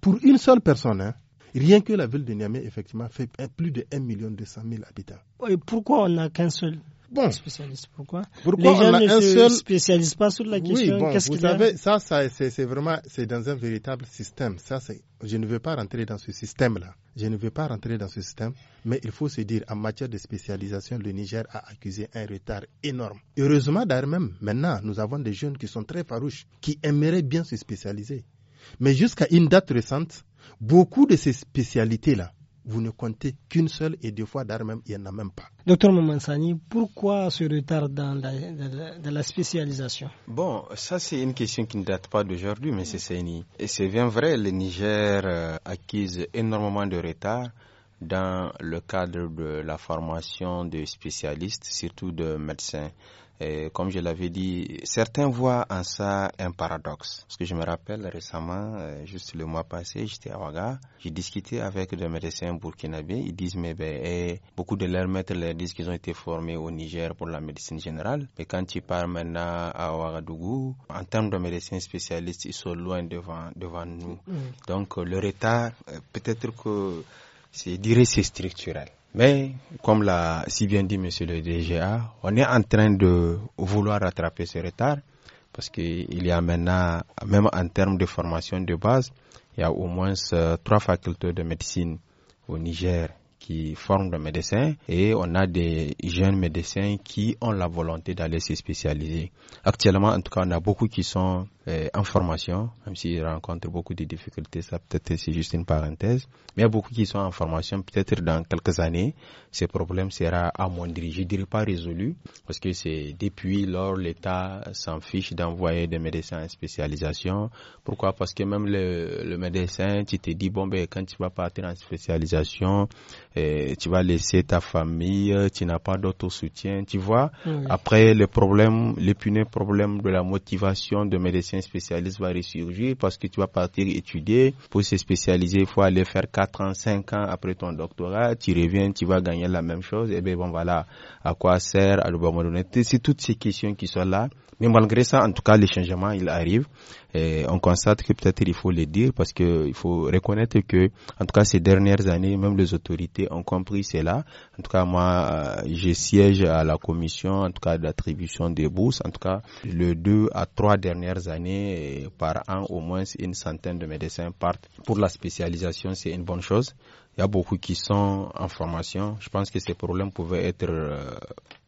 pour une seule personne, hein, rien que la ville de Niamey, effectivement, fait plus de 1 million 200 000 habitants. Et pourquoi on n'a qu'un seul Bon. Spécialiste, pourquoi, pourquoi Les gens a ne un se seul... pas sur la question. Oui, bon, vous savez, ça, ça c'est vraiment, c'est dans un véritable système. Ça, je ne veux pas rentrer dans ce système-là. Je ne veux pas rentrer dans ce système, mais il faut se dire, en matière de spécialisation, le Niger a accusé un retard énorme. Heureusement, d'ailleurs même, maintenant, nous avons des jeunes qui sont très farouches, qui aimeraient bien se spécialiser. Mais jusqu'à une date récente, beaucoup de ces spécialités-là, vous ne comptez qu'une seule et deux fois d'armes, il n'y en a même pas. Docteur Mamansani, pourquoi ce retard dans la, spécialisation Bon, ça c'est une question qui ne date pas d'aujourd'hui, M. Seni. Et c'est bien vrai, le Niger euh, acquise énormément de retard dans le cadre de la formation de spécialistes, surtout de médecins. Et comme je l'avais dit, certains voient en ça un paradoxe. Ce que je me rappelle récemment, euh, juste le mois passé, j'étais à Ouaga, j'ai discuté avec des médecins burkinabés. Ils disent, mais ben, eh, beaucoup de leurs maîtres leur disent qu'ils ont été formés au Niger pour la médecine générale. Mais quand ils pars maintenant à Ouagadougou, en termes de médecins spécialistes, ils sont loin devant, devant nous. Mm. Donc, le retard, euh, peut-être que c'est, je dirais, c'est structurel. Mais, comme l'a si bien dit Monsieur le DGA, on est en train de vouloir rattraper ce retard parce qu'il y a maintenant, même en termes de formation de base, il y a au moins euh, trois facultés de médecine au Niger qui forment des médecins et on a des jeunes médecins qui ont la volonté d'aller se spécialiser. Actuellement, en tout cas, on a beaucoup qui sont euh, en formation, même s'ils rencontrent beaucoup de difficultés, ça peut-être c'est juste une parenthèse. Mais il y a beaucoup qui sont en formation, peut-être dans quelques années, ce problème sera amoindri. Je dirais pas résolu, parce que c'est depuis lors l'État s'en fiche d'envoyer des médecins en spécialisation. Pourquoi Parce que même le, médecin, tu te dis bon ben quand tu vas partir en spécialisation, euh, tu vas laisser ta famille, tu n'as pas d'autosoutien, tu vois. Après le problème, le punais problème de la motivation de médecins spécialiste va ressurgir parce que tu vas partir étudier. Pour se spécialiser, il faut aller faire 4 ans, 5 ans après ton doctorat. Tu reviens, tu vas gagner la même chose. Et eh bien, bon, voilà, à quoi sert à le C'est toutes ces questions qui sont là. Mais malgré ça, en tout cas, les changements, ils arrivent. Et on constate que peut-être il faut le dire parce que il faut reconnaître que, en tout cas, ces dernières années, même les autorités ont compris cela. En tout cas, moi, euh, je siège à la commission, en tout cas, d'attribution des bourses. En tout cas, le deux à trois dernières années, euh, par an, au moins une centaine de médecins partent. Pour la spécialisation, c'est une bonne chose. Il y a beaucoup qui sont en formation. Je pense que ces problèmes pouvaient être euh,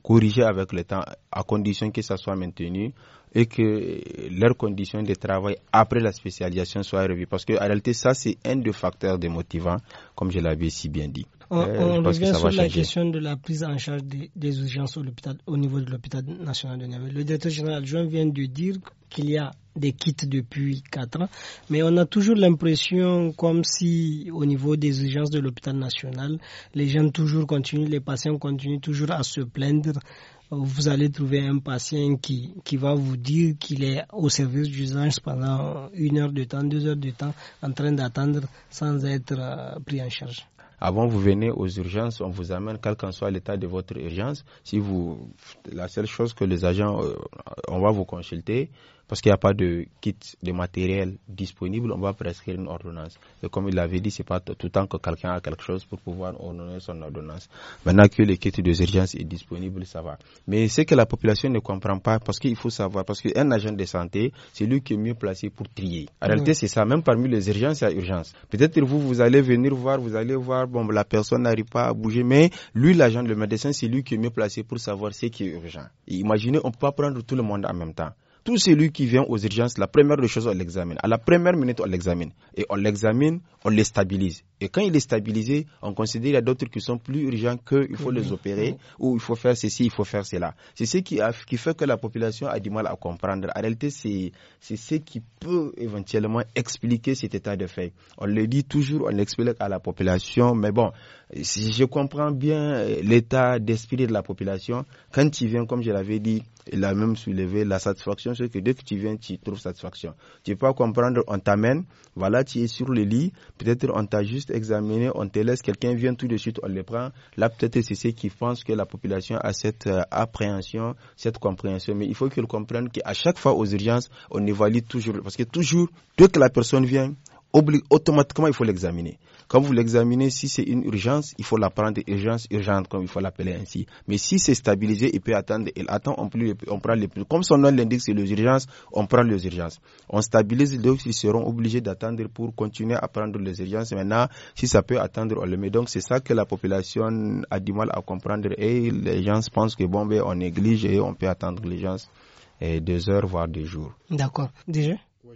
corriger avec le temps, à condition que ça soit maintenu et que leurs conditions de travail après la spécialisation soient revues. Parce qu'en réalité, ça, c'est un des facteurs démotivants, comme je l'avais si bien dit. On, euh, on revient sur la question de la prise en charge des, urgences au, au, niveau de l'hôpital national de Niamey. Le directeur général adjoint vient de dire qu'il y a des kits depuis 4 ans, mais on a toujours l'impression comme si au niveau des urgences de l'hôpital national, les gens toujours continuent, les patients continuent toujours à se plaindre vous allez trouver un patient qui, va vous dire qu'il est au service d'urgence pendant une heure de temps, deux heures de temps, en train d'attendre sans être euh, pris en charge. Avant, vous venez aux urgences, on vous amène, quel qu'en soit l'état de votre urgence. Si vous, la seule chose que les agents, euh, on va vous consulter, parce qu'il n'y a pas de kit de matériel disponible, on va prescrire une ordonnance. Et comme il l'avait dit, c'est pas tout le temps que quelqu'un a quelque chose pour pouvoir ordonner son ordonnance. Maintenant que le kit des urgences est disponible, ça va. Mais ce que la population ne comprend pas, parce qu'il faut savoir, parce qu'un agent de santé, c'est lui qui est mieux placé pour trier. En réalité, c'est ça. Même parmi les urgences, il y a urgence. Peut-être vous, vous allez venir voir, vous allez voir, bon, la personne n'arrive pas à bouger, mais lui, l'agent, le médecin, c'est lui qui est mieux placé pour savoir ce qui est urgent. imaginez, on peut pas prendre tout le monde en même temps tout celui qui vient aux urgences, la première des choses, on l'examine. À la première minute, on l'examine. Et on l'examine, on les stabilise. Et quand il est stabilisé, on considère qu'il y a d'autres qui sont plus urgents qu'il faut les mhm. opérer mhm. ou il faut faire ceci, il faut faire cela. C'est ce qui, a, qui, fait que la population a du mal à comprendre. En réalité, c'est ce qui peut éventuellement expliquer cet état de fait. On le dit toujours, on explique à la population, mais bon, si je comprends bien euh, l'état d'esprit de la population, quand tu viens, comme je l'avais dit, il a même soulevé la satisfaction, c'est que dès que tu viens, tu trouves satisfaction. Tu peux comprendre, on t'amène, voilà, tu es sur le lit, peut-être on t'ajuste examiné, on te laisse, quelqu'un vient tout de suite, on les prend. Là, peut-être c'est ceux qui pensent que la population a cette euh, appréhension, cette compréhension. Mais il faut qu'ils comprennent qu'à chaque fois aux urgences, on évalue toujours. Parce que toujours, dès que la personne vient, automatiquement, il faut l'examiner. Quand vous l'examinez, si c'est une urgence, il faut la prendre urgence, urgente, comme il faut l'appeler ainsi. Mais si c'est stabilisé, il peut attendre. Il attend, on, plus, on prend les plus. Comme son nom l'indique, c'est les urgences, on prend les urgences. On stabilise, donc ils seront obligés d'attendre pour continuer à prendre les urgences. Maintenant, si ça peut attendre, on le met. Donc c'est ça que la population a du mal à comprendre et les gens pensent que bon, ben, on néglige et on peut attendre l'urgence eh, deux heures, voire deux jours. D'accord. Déjà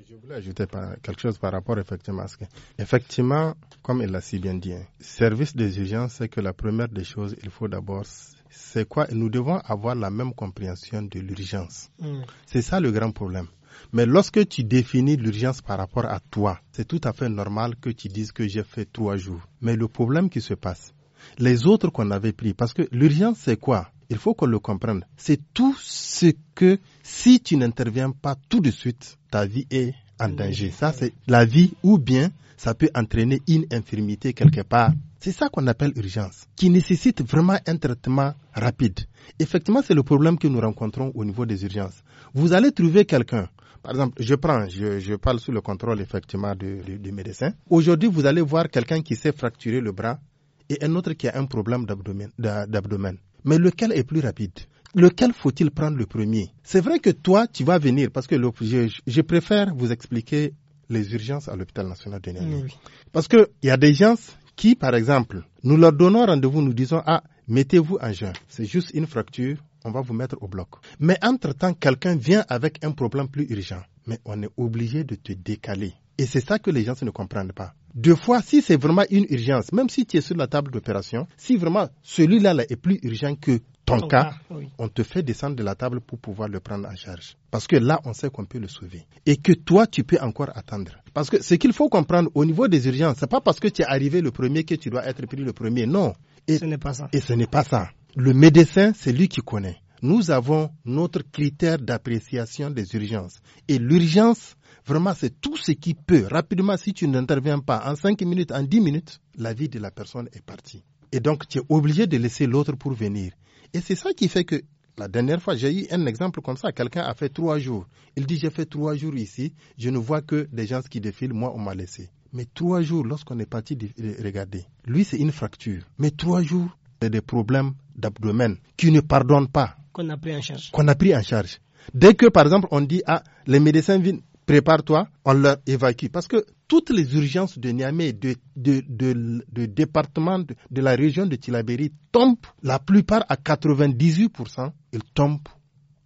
je voulais ajouter quelque chose par rapport effectivement à ce que. Effectivement, comme il l'a si bien dit, hein, service des urgences, c'est que la première des choses, il faut d'abord c'est quoi Nous devons avoir la même compréhension de l'urgence. Mm. C'est ça le grand problème. Mais lorsque tu définis l'urgence par rapport à toi, c'est tout à fait normal que tu dises que j'ai fait trois jours. Mais le problème qui se passe, les autres qu'on avait pris, parce que l'urgence c'est quoi il faut qu'on le comprenne. C'est tout ce que, si tu n'interviens pas tout de suite, ta vie est en danger. Ça, c'est la vie ou bien ça peut entraîner une infirmité quelque part. C'est ça qu'on appelle urgence, qui nécessite vraiment un traitement rapide. Effectivement, c'est le problème que nous rencontrons au niveau des urgences. Vous allez trouver quelqu'un. Par exemple, je prends, je, parle sous le contrôle effectivement du, du médecin. Aujourd'hui, vous allez voir quelqu'un qui s'est fracturé le bras et un autre qui a un problème d'abdomen. Mais lequel est plus rapide Lequel faut-il prendre le premier C'est vrai que toi, tu vas venir, parce que je, préfère vous expliquer les urgences à l'hôpital national de Niamey. Parce qu'il y a des gens qui, par exemple, nous leur donnons rendez-vous, nous disons, ah, mettez-vous en jeu. c'est juste une fracture, on va vous mettre au bloc. Mais entre-temps, quelqu'un vient avec un problème plus urgent. Mais on est obligé de te décaler. Et c'est ça que les gens ne comprennent pas. Deux fois, si c'est vraiment une urgence, même si tu es sur la table d'opération, si vraiment celui-là là, est plus urgent que ton cas, on te fait descendre de la table pour pouvoir le prendre en charge. Parce que là, on sait qu'on peut le sauver. Et que toi, tu peux encore attendre. Parce que ce qu'il faut comprendre au niveau des urgences, n'est pas parce que tu es arrivé le premier que tu dois être pris le premier. Non. Et ce n'est pas ça. Et ce n'est pas ça. Le médecin, c'est lui qui connaît nous avons notre critère d'appréciation des urgences. Et l'urgence, vraiment, c'est tout ce qui peut. Rapidement, si tu n'interviens pas en 5 minutes, en 10 minutes, la vie de la personne est partie. Et donc, tu es obligé de laisser l'autre pour venir. Et c'est ça qui fait que la dernière fois, j'ai eu un exemple comme ça. Quelqu'un a fait trois jours. Il dit, j'ai fait trois jours ici. Je ne vois que des gens qui défilent. Moi, on m'a laissé. Mais trois jours, lorsqu'on est parti regarder, lui, c'est une fracture. Mais trois jours, c'est des problèmes d'abdomen qui ne pardonnent pas. Qu'on a pris en charge. Qu'on a pris en charge. Dès que, par exemple, on dit, à ah, les médecins viennent, prépare-toi, on leur évacue. Parce que toutes les urgences de Niamey, de, de, de, département, de, la région de Tilaberi tombent, la plupart à 98%, ils tombent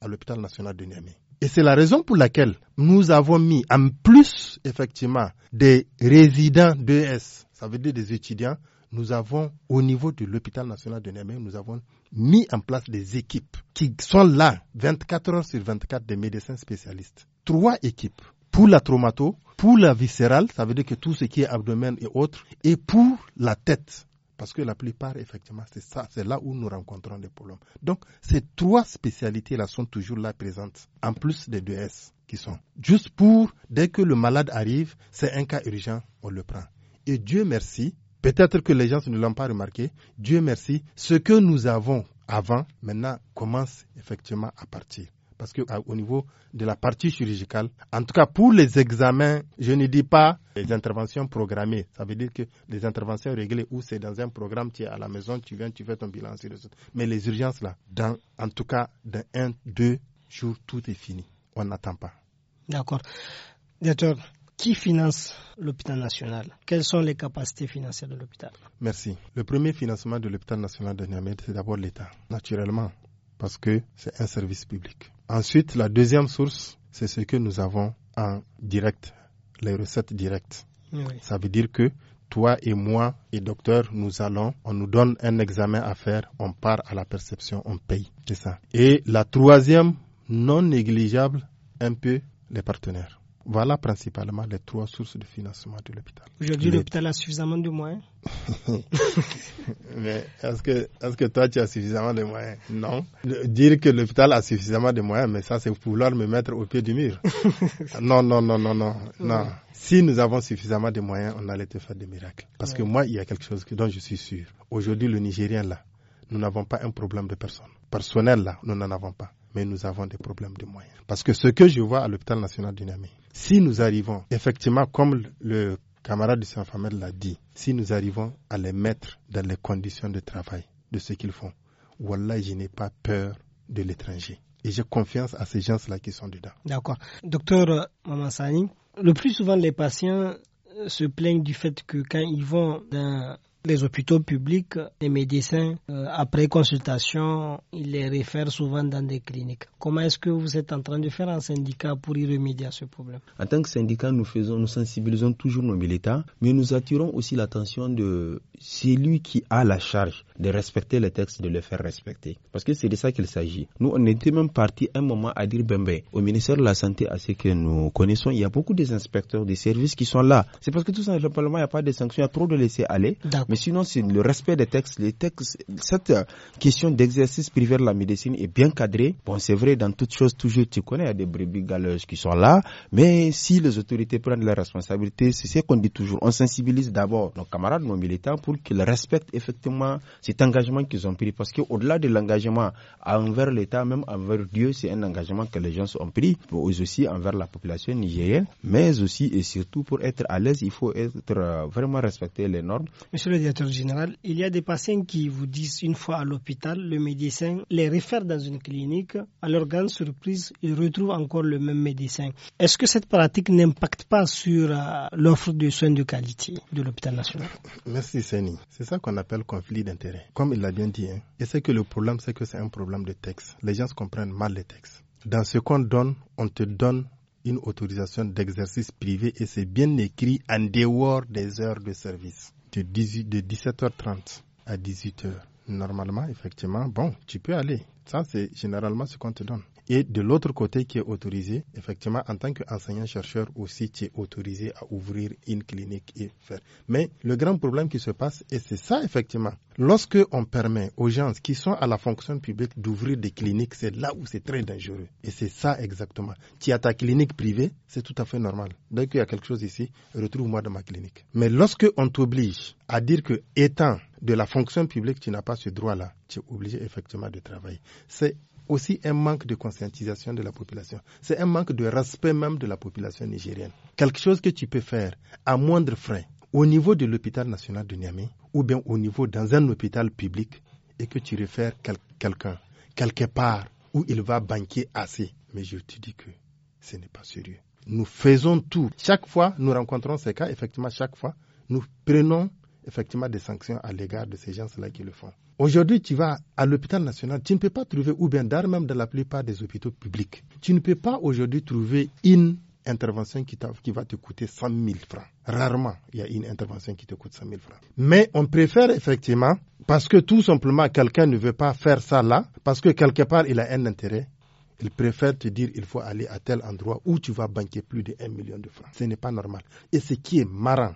à l'hôpital national de Niamey. Et c'est la raison pour laquelle nous avons mis en plus, effectivement, des résidents d'ES, ça veut dire des étudiants, nous avons, au niveau de l'hôpital national de Niamey, nous avons mis en place des équipes qui sont là 24 heures sur 24 des médecins spécialistes. Trois équipes pour la traumato, pour la viscérale, ça veut dire que tout ce qui est abdomen et autres, et pour la tête. Parce que la plupart, effectivement, c'est ça, c'est là où nous rencontrons des problèmes. Donc, ces trois spécialités-là sont toujours là présentes, en plus des deux S qui sont. Juste pour, dès que le malade arrive, c'est un cas urgent, on le prend. Et Dieu merci, Peut-être que les gens ne l'ont pas remarqué. Dieu merci, ce que nous avons avant, maintenant, commence effectivement à partir. Parce qu'au niveau de la partie chirurgicale, en tout cas pour les examens, je ne dis pas les interventions programmées. Ça veut dire que les interventions réglées où c'est dans un programme, tu es à la maison, tu viens, tu fais ton bilan, Mais les urgences là, dans, en tout cas, dans un, deux jours, tout est fini. On n'attend pas. D'accord. D'accord qui finance l'hôpital national Quelles sont les capacités financières de l'hôpital Merci. Le premier financement de l'hôpital national de Niamey, c'est d'abord l'État, naturellement, parce que c'est un service public. Ensuite, la deuxième source, c'est ce que nous avons en direct, les recettes directes. Ça veut dire que toi et moi et docteur, nous allons, on nous donne un examen à faire, on part à la perception, on paye. C'est ça. Et la troisième, non négligeable, un peu les partenaires. Voilà principalement les trois sources de financement de l'hôpital. Aujourd'hui, l'hôpital a suffisamment de moyens Mais est-ce que, est que toi, tu as suffisamment de moyens Non. Dire que l'hôpital a suffisamment de moyens, mais ça, c'est vouloir me mettre au pied du mur. non, non, non, non, non. non. Si nous avons suffisamment de moyens, on allait te faire des miracles. Parce que moi, il y a quelque chose dont je suis sûr. Aujourd'hui, le Nigérien, là, nous n'avons pas un problème de personne. Personnel, là, nous n'en avons pas mais nous avons des problèmes de moyens. Parce que ce que je vois à l'hôpital national du Namé, si nous arrivons, effectivement, comme le camarade de saint famel l'a dit, si nous arrivons à les mettre dans les conditions de travail de ce qu'ils font, voilà, je n'ai pas peur de l'étranger. Et j'ai confiance à ces gens-là qui sont dedans. D'accord. Docteur Mamassani, le plus souvent, les patients se plaignent du fait que quand ils vont dans les hôpitaux publics, les médecins, euh, après consultation, ils les réfèrent souvent dans des cliniques. Comment est-ce que vous êtes en train de faire un syndicat pour y remédier à ce problème En tant que syndicat, nous faisons, nous sensibilisons toujours nos militants, mais nous attirons aussi l'attention de celui qui a la charge de respecter les textes, de les faire respecter. Parce que c'est de ça qu'il s'agit. Nous, on était même parti un moment à dire, ben, ben, au ministère de la Santé, à ce que nous connaissons, il y a beaucoup des inspecteurs des services qui sont là. C'est parce que tout simplement, il n'y a pas de sanctions, il y a trop de laisser aller. Mais sinon, c'est le respect des textes. Les textes, cette euh, question d'exercice privé de la médecine est bien cadrée. Bon, c'est vrai, dans toute chose, toujours, tu connais, il y a des brebis galeuses qui sont là. Mais si les autorités prennent leurs responsabilités, c'est ce qu'on dit toujours. On sensibilise d'abord nos camarades, nos militants, pour qu'ils respectent effectivement cet engagement qu'ils ont pris. Parce qu'au-delà de l'engagement envers l'État, même envers Dieu, c'est un engagement que les gens ont pris, mais aussi envers la population nigérienne, mais aussi et surtout pour être à l'aise, il faut être euh, vraiment respecter les normes. Monsieur le général, il y a des patients qui vous disent une fois à l'hôpital, le médecin les réfère dans une clinique, à leur grande surprise, ils retrouvent encore le même médecin. Est-ce que cette pratique n'impacte pas sur euh, l'offre de soins de qualité de l'hôpital national Merci Seni. C'est ça qu'on appelle conflit d'intérêt. Comme il l'a bien dit, hein, que le problème, c'est que c'est un problème de texte. Les gens comprennent mal les textes. Dans ce qu'on donne, on te donne une autorisation d'exercice privé et c'est bien écrit en dehors des heures de service de, 18, de 17h30 à 18h. Normalement, effectivement, bon, tu peux aller. Ça, c'est généralement ce qu'on te donne. Et de l'autre côté qui est autorisé, effectivement, en tant qu'enseignant-chercheur aussi, tu es autorisé à ouvrir une clinique et faire. Mais le grand problème qui se passe, et c'est ça effectivement, lorsque on permet aux gens qui sont à la fonction publique d'ouvrir des cliniques, c'est là où c'est très dangereux. Et c'est ça exactement. Tu as ta clinique privée, c'est tout à fait normal. Dès qu'il y a quelque chose ici, retrouve-moi dans ma clinique. Mais lorsque on t'oblige à dire que étant de la fonction publique, tu n'as pas ce droit-là, tu es obligé effectivement de travailler. C'est aussi un manque de conscientisation de la population. C'est un manque de respect même de la population nigérienne. Quelque chose que tu peux faire à moindre frais au niveau de l'hôpital national de Niamey ou bien au niveau dans un hôpital public et que tu réfères quelqu'un quelque part où il va banquer assez. Mais je te dis que ce n'est pas sérieux. Nous faisons tout. Chaque fois, nous rencontrons ces cas, effectivement, chaque fois, nous prenons effectivement des sanctions à l'égard de ces gens-là qui le font. Aujourd'hui, tu vas à l'hôpital national, tu ne peux pas trouver, ou bien d'art même dans la plupart des hôpitaux publics, tu ne peux pas aujourd'hui trouver une intervention qui, qui, va te coûter 100 000 francs. Rarement, il y a une intervention qui te coûte 100 000 francs. Mais on préfère effectivement, parce que tout simplement, quelqu'un ne veut pas faire ça là, parce que quelque part, il a un intérêt. Il préfère te dire il faut aller à tel endroit où tu vas banquer plus de 1 million de francs. Ce n'est pas normal. Et ce qui est marrant,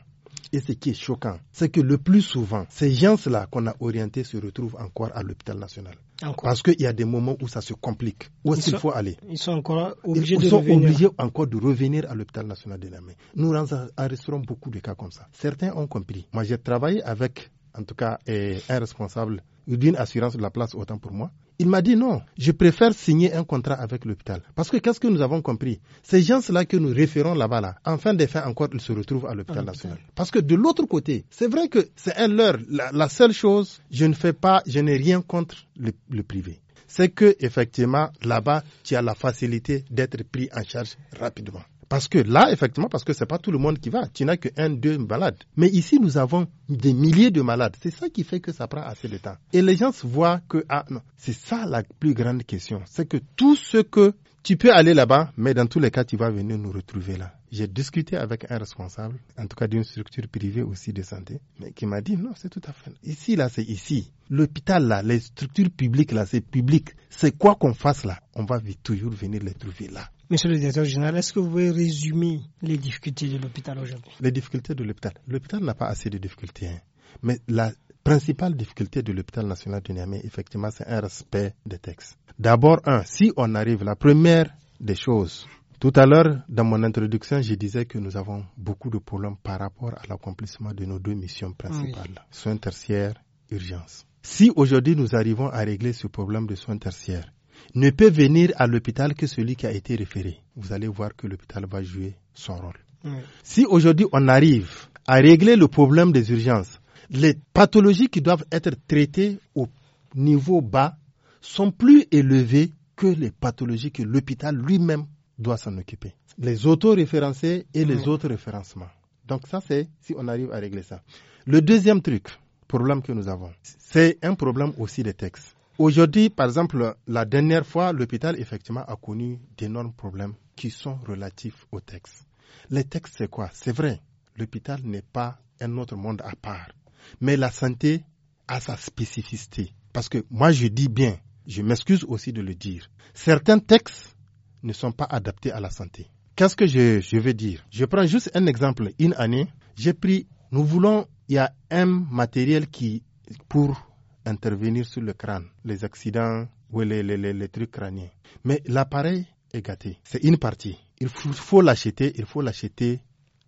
et ce qui est choquant, c'est que le plus souvent, ces gens-là qu'on a orientés se retrouvent encore à l'hôpital national. Parce qu'il y a des moments où ça se complique. Où est-ce qu'il faut aller Ils sont encore obligés, ils sont obligés encore de revenir à l'hôpital national de Namé. Nous arrêterons beaucoup de cas comme ça. Certains ont compris. Moi, j'ai travaillé avec, en tout cas, eh, un responsable d'une assurance de la place, autant pour moi, il m'a dit non, je préfère signer un contrat avec l'hôpital. Parce que qu'est-ce que nous avons compris Ces gens-là que nous référons là-bas, là, en fin des fins encore, ils se retrouvent à l'hôpital national. Parce que de l'autre côté, c'est vrai que c'est un leurre. La, seule chose, je ne fais pas, je n'ai rien contre le, le privé c'est que effectivement là-bas tu as la facilité d'être pris en charge rapidement. Parce que là, effectivement, parce que c'est pas tout le monde qui va. Tu n'as que un, deux malades. Mais ici, nous avons des milliers de malades. C'est ça qui fait que ça prend assez de temps. Et les gens se voient que, ah non, c'est ça la plus grande question. C'est que tout ce que tu peux aller là-bas, mais dans tous les cas, tu vas venir nous retrouver là. J'ai discuté avec un responsable, en tout cas d'une structure privée aussi de santé, mais qui m'a dit non, c'est tout à fait. Ici, là, c'est ici. L'hôpital, là, les structures publiques, là, c'est public. C'est quoi qu'on fasse là On va toujours venir les trouver là. Monsieur le directeur général, est-ce que vous pouvez résumer les difficultés de l'hôpital aujourd'hui Les difficultés de l'hôpital. L'hôpital n'a pas assez de difficultés. Hein. Mais la principale difficulté de l'hôpital national du Niamey, effectivement, c'est un respect des textes. D'abord, un, si on arrive, la première des choses, tout à l'heure, dans mon introduction, je disais que nous avons beaucoup de problèmes par rapport à l'accomplissement de nos deux missions principales, soins tertiaires, urgence. Si aujourd'hui nous arrivons à régler ce problème de soins tertiaires, ne peut venir à l'hôpital que celui qui a été référé. Vous allez voir que l'hôpital va jouer son rôle. Si aujourd'hui on arrive à régler le problème des urgences, les pathologies qui doivent être traitées au niveau bas sont plus élevées que les pathologies que l'hôpital lui-même doit s'en occuper. Les autoréférencés et les autres référencements. Donc ça, c'est si on arrive à régler ça. Le deuxième truc, problème que nous avons, c'est un problème aussi des textes. Aujourd'hui, par exemple, la dernière fois, l'hôpital, effectivement, a connu d'énormes problèmes qui sont relatifs aux textes. Les textes, c'est quoi C'est vrai, l'hôpital n'est pas un autre monde à part. Mais la santé a sa spécificité. Parce que moi, je dis bien, je m'excuse aussi de le dire, certains textes ne sont pas adaptés à la santé. Qu'est-ce que je, je veux dire Je prends juste un exemple. Une année, j'ai pris, nous voulons, il y a un matériel qui, pour intervenir sur le crâne, les accidents ou les, les, trucs crâniens. Mais l'appareil est gâté. C'est une partie. Il faut l'acheter, il faut l'acheter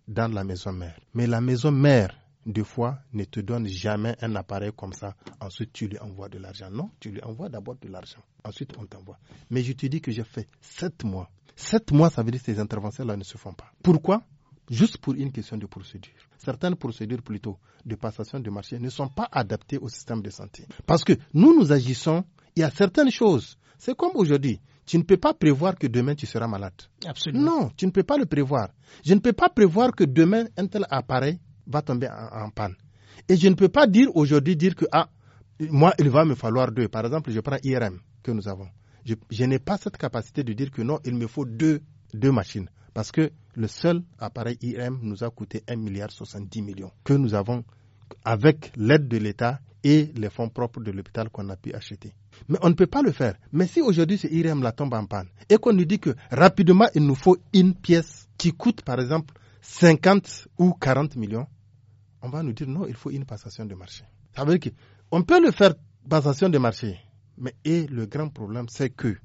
dans la maison mère. Mais la maison mère, deux fois, ne te donne jamais un appareil comme ça. Ensuite, tu lui envoies de l'argent. Non, tu lui envoies d'abord de l'argent. Ensuite, on t'envoie. Mais je te dis que j'ai fait sept mois. Sept mois, ça veut dire que ces interventions-là ne se font pas. Pourquoi juste pour une question de procédure. Certaines procédures plutôt de passation de marché ne sont pas adaptées au système de santé. Parce que nous, nous agissons, il y a certaines choses. C'est comme aujourd'hui. Tu ne peux pas prévoir que demain tu seras malade. Absolument. Non, tu ne peux pas le prévoir. Je ne peux pas prévoir que demain un tel appareil va tomber en, panne. Et je ne peux pas dire aujourd'hui dire que ah moi il va me falloir deux. Par exemple, je prends IRM que nous avons. Je, je n'ai pas cette capacité de dire que non, il me faut deux deux machines. Parce que le seul appareil IRM nous a coûté 1 milliard millions que nous avons avec l'aide de l'État et les fonds propres de l'hôpital qu'on a pu acheter. Mais on ne peut pas le faire. Mais si aujourd'hui ce IRM la tombe en panne et qu'on nous dit que rapidement il nous faut une pièce qui coûte par exemple 50 ou 40 millions, on va nous dire non, il faut une passation de marché. Ça veut dire qu'on peut le faire passation de marché. Mais et le grand problème c'est que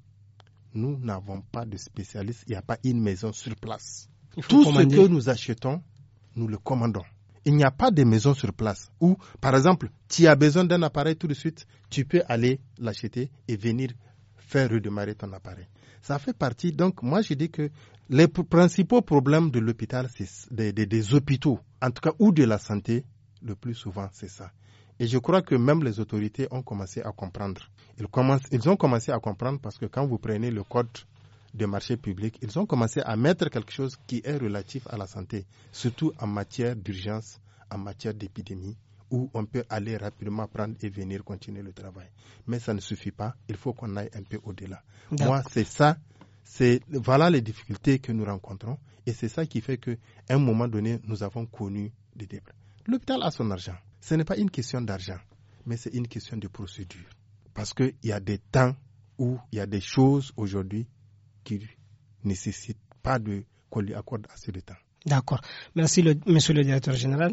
nous n'avons pas de spécialistes, il n'y a pas une maison sur place. Tout ce que nous achetons, nous le commandons. Il n'y a pas de maison sur place où, par exemple, tu as besoin d'un appareil tout de suite, tu peux aller l'acheter et venir faire redémarrer ton appareil. Ça fait partie, donc moi je dis que les principaux problèmes de l'hôpital, des, des hôpitaux, en tout cas, ou de la santé, le plus souvent, c'est ça. Et je crois que même les autorités ont commencé à comprendre ils, ont commencé à comprendre parce que quand vous prenez le code de marché public, ils ont commencé à mettre quelque chose qui est relatif à la santé, surtout en matière d'urgence, en matière d'épidémie, où on peut aller rapidement prendre et venir continuer le travail. Mais ça ne suffit pas, il faut qu'on aille un peu au-delà. Moi, c'est ça, c'est voilà les difficultés que nous rencontrons et c'est ça qui fait qu'à un moment donné, nous avons connu des débats. L'hôpital a son argent. Ce n'est pas une question d'argent, mais c'est une question de procédure. Parce qu'il y a des temps où il y a des choses aujourd'hui qui ne nécessitent pas de qu'on lui accorde assez de temps. D'accord. Merci, monsieur le directeur général.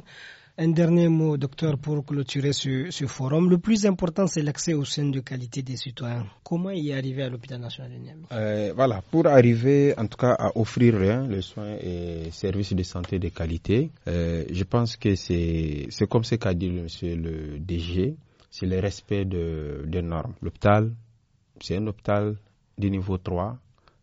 Un dernier mot, docteur, pour clôturer ce, forum. Le plus important, c'est l'accès aux soins de qualité des citoyens. Comment y arriver à l'hôpital national de Niamey euh, Voilà, pour arriver en tout cas à offrir hein, les soins et services de santé de qualité, euh, je pense que c'est comme ce qu'a dit monsieur le DG c'est le respect de, des normes. L'hôpital, c'est un hôpital de niveau 3,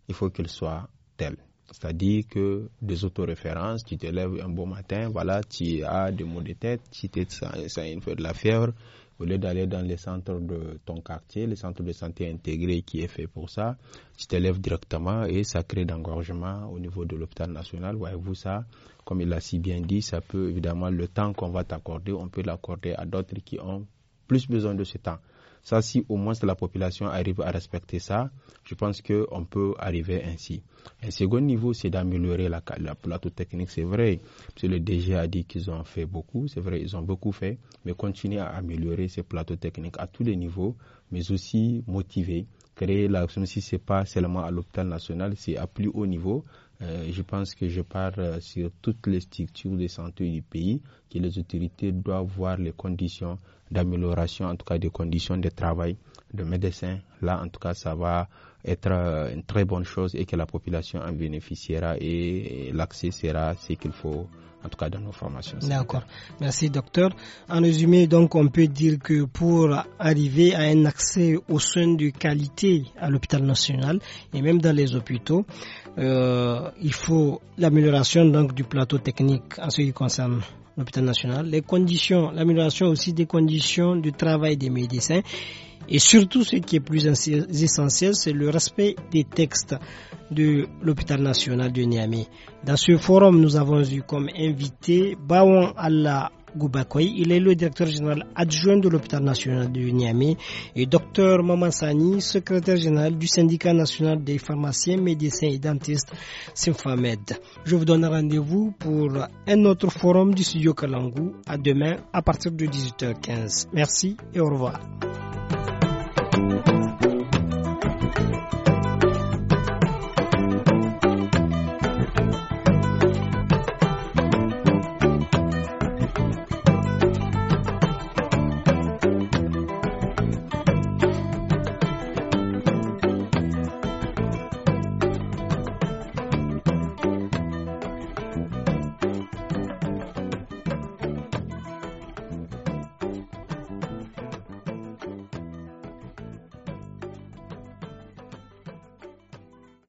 il faut qu'il soit tel. C'est-à-dire que des autoréférences, tu te lèves un beau matin, voilà, tu as des maux de tête, tu une fait de la fièvre, au lieu d'aller dans les centres de ton quartier, les centres de santé intégrés qui est fait pour ça, tu te lèves directement et ça crée d'engorgement au niveau de l'hôpital national. Voyez-vous ça, comme il a si bien dit, ça peut évidemment, le temps qu'on va t'accorder, on peut l'accorder à d'autres qui ont plus besoin de ce temps. Ça, si au moins la population arrive à respecter ça, je pense qu'on peut arriver ainsi. Un second niveau, c'est d'améliorer la, la, plateau technique, c'est vrai. le DG a dit qu'ils ont fait beaucoup, c'est vrai, ils ont beaucoup fait, mais continuer à améliorer ces plateaux techniques à tous les niveaux, mais aussi motiver, créer l'action. si ce n'est pas seulement à l'hôpital national, c'est à plus haut niveau, euh, je pense que je parle euh, sur toutes les structures de santé du pays, que les autorités doivent voir les conditions d'amélioration en tout cas des conditions de travail de médecins. Là, en tout cas, ça va être euh, une très bonne chose et que la population en bénéficiera et l'accès sera ce qu'il faut en tout cas dans nos formations. D'accord. Merci docteur. En résumé, donc on peut dire que pour arriver à un accès aux soins de qualité à l'hôpital national et même dans les hôpitaux, euh, il faut l'amélioration donc du plateau technique en ce qui concerne l'hôpital national, les conditions, l'amélioration aussi des conditions du travail des médecins. Et surtout, ce qui est plus essentiel, c'est le respect des textes de l'hôpital national de Niamey. Dans ce forum, nous avons eu comme invité Bawon Allah Goubakoy. Il est le directeur général adjoint de l'hôpital national de Niamey et docteur Mamassani, secrétaire général du syndicat national des pharmaciens, médecins et dentistes Symphamed. Je vous donne rendez-vous pour un autre forum du studio Kalangou à demain à partir de 18h15. Merci et au revoir.